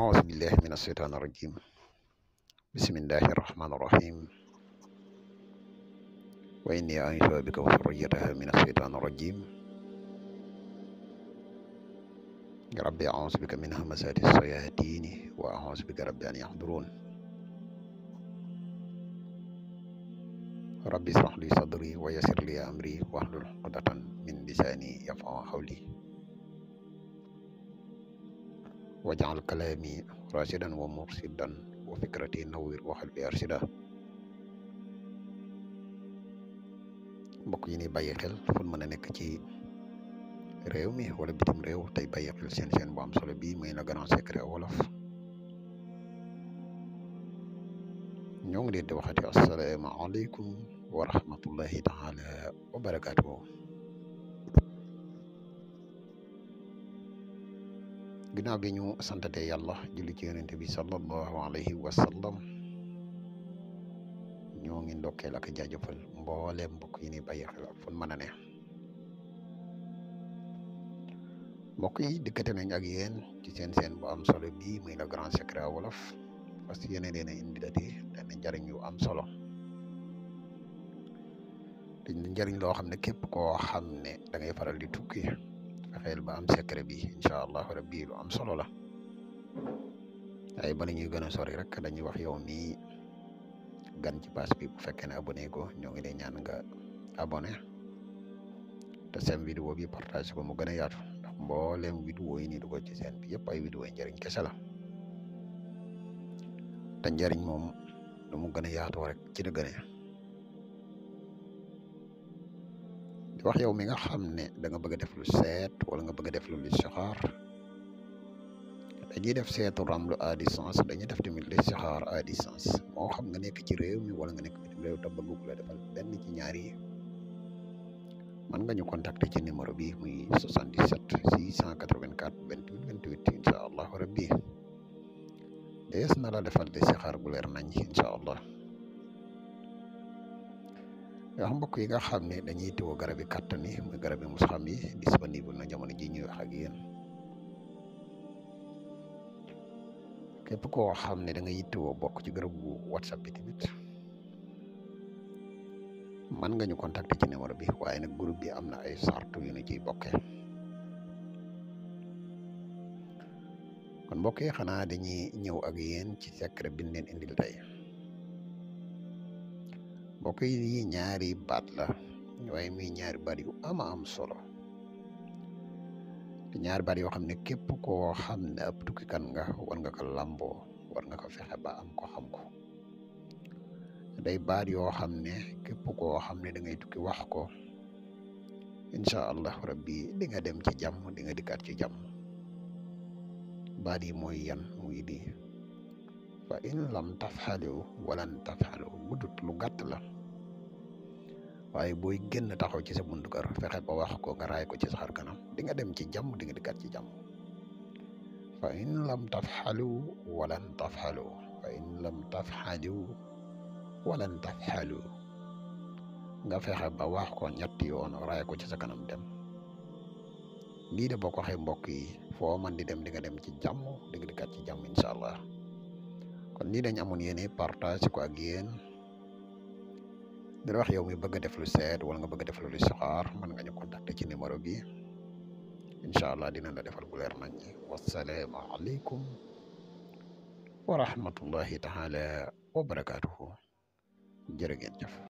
أعوذ بالله من الشيطان الرجيم بسم الله الرحمن الرحيم وإني أعوذ بك وفريتها من الشيطان الرجيم يا ربي أعوذ بك من همزات الشياطين وأعوذ بك ربي أن يحضرون ربي اشرح لي صدري ويسر لي أمري واحلل عقدة من لساني يفقهوا قولي واجعل كلامي راشدا ومرشدا وفكرتي نوّر وقلبي أرشدا mbokk yi ni bàyyi xel fu mën a nekk ci réew mi wala bitim réew tey bàyyi xel seen seen bu am solo bii muy la grand secret wolof ñoo ngi leen di waxati asalaamaaleykum wa rahmatullahi taala wa barakaatuhu ginaaw bi ñu santate yàlla ya, ya julli ci yonente bi sallallahu alayhi wa sallam ñoo ngi ndokkeel ak jaajëfal mbooleem mbokk yi ni bàyyi xel ak fun mën a ne mbokk yi dikkate nañ ak yéen ci seen seen bu am solo bii muy le grand secret wolof parce que yéene leen a indilati dana njariñ yu am solo te njariñ loo xam ne képp koo xam ne da ngay faral di tukki fexeel ba am secret bi incha Allah, rabbi lu am solo la ay ba ñuy gëna sori rek dañuy wax yow mi gan ci pass bi bu fekkee ne abonné ko ñoo ngi lay ñaan nga abonné te sem vidéo bi partage ko mu gëna yaatu ndax mbolem vidéo yi du ko ci sen bi yépp ay vidéo yi njëriñ kessa la te moom lu mu gëna yaatu rek ci di wax yow mi nga xamne da nga bëgg def lu sét wala nga bëgg def lu listixaar dañuy def seetu ramlu à distance dañuy def tamit listixaar à distance mo xam nga nek ci réew mi wala nga nek ci réew ta bëgg ko la defal benn ci ñaar yi man nga ñu contacté ci numéro bi muy 77 684 28 28 incha allah rabbi dees na la defal listixaar bu leer nañ incha allah am bokk yi nga xamne dañuy tiwoo garabi katani mu garabi muy garab yi mos disponible na jamono ji ñuy wax ak yeen kep ko xamne da nga yittewoo bokk ci garabu whatsapp bi tamit man nga ñu contacter ci numéro bi waye nak groupe bi amna ay sartu yu ne ci bokkee kon mbokk xana dañuy ñew ak yeen ci secret bi ñu leen indil tay bokk yi nyari ñaari baat la waaye muy ñaari baat yu ama am solo te ñaari baat yoo xam ne képp koo xam ne ab tukkikan nga war nga ko làmboo war nga ko fexe ba am ko xam ko day baat yoo xam ne képp koo xam ne da ngay tukki wax ko insha allah rabbi di nga dem ci jàmm di nga dikkaat ci jàmm baat yi mooy yan muy di wa in lam tafxalu walan tafxalu guddut lu gàtt la waaye booy génn taxaw ci sa buntu kër fexe ba wax ko nga raay ko ci sa kanam di nga dem ci jàmm di nga dikkaat ci jàmm fa in lam tafxalu walan tafxalu fa in lam tafxalu walan tafxalu nga fexe ba wax ko ñetti yoon raay ko ci sa kanam dem lii de boo ko waxee mbokk yi foo man di dem di dem ci jàmm di nga dikkaat ci allah amone yene partage ko ak yeen dara ya, wax yow mi bëgg def lu sét wala nga bëgg def lu listixaar man nga ñu contacter ci numéro bi inshallah dina la defal bu leer wassalamu alaykum wa rahmatullahi ta'ala wa barakatuh jërëgen jëf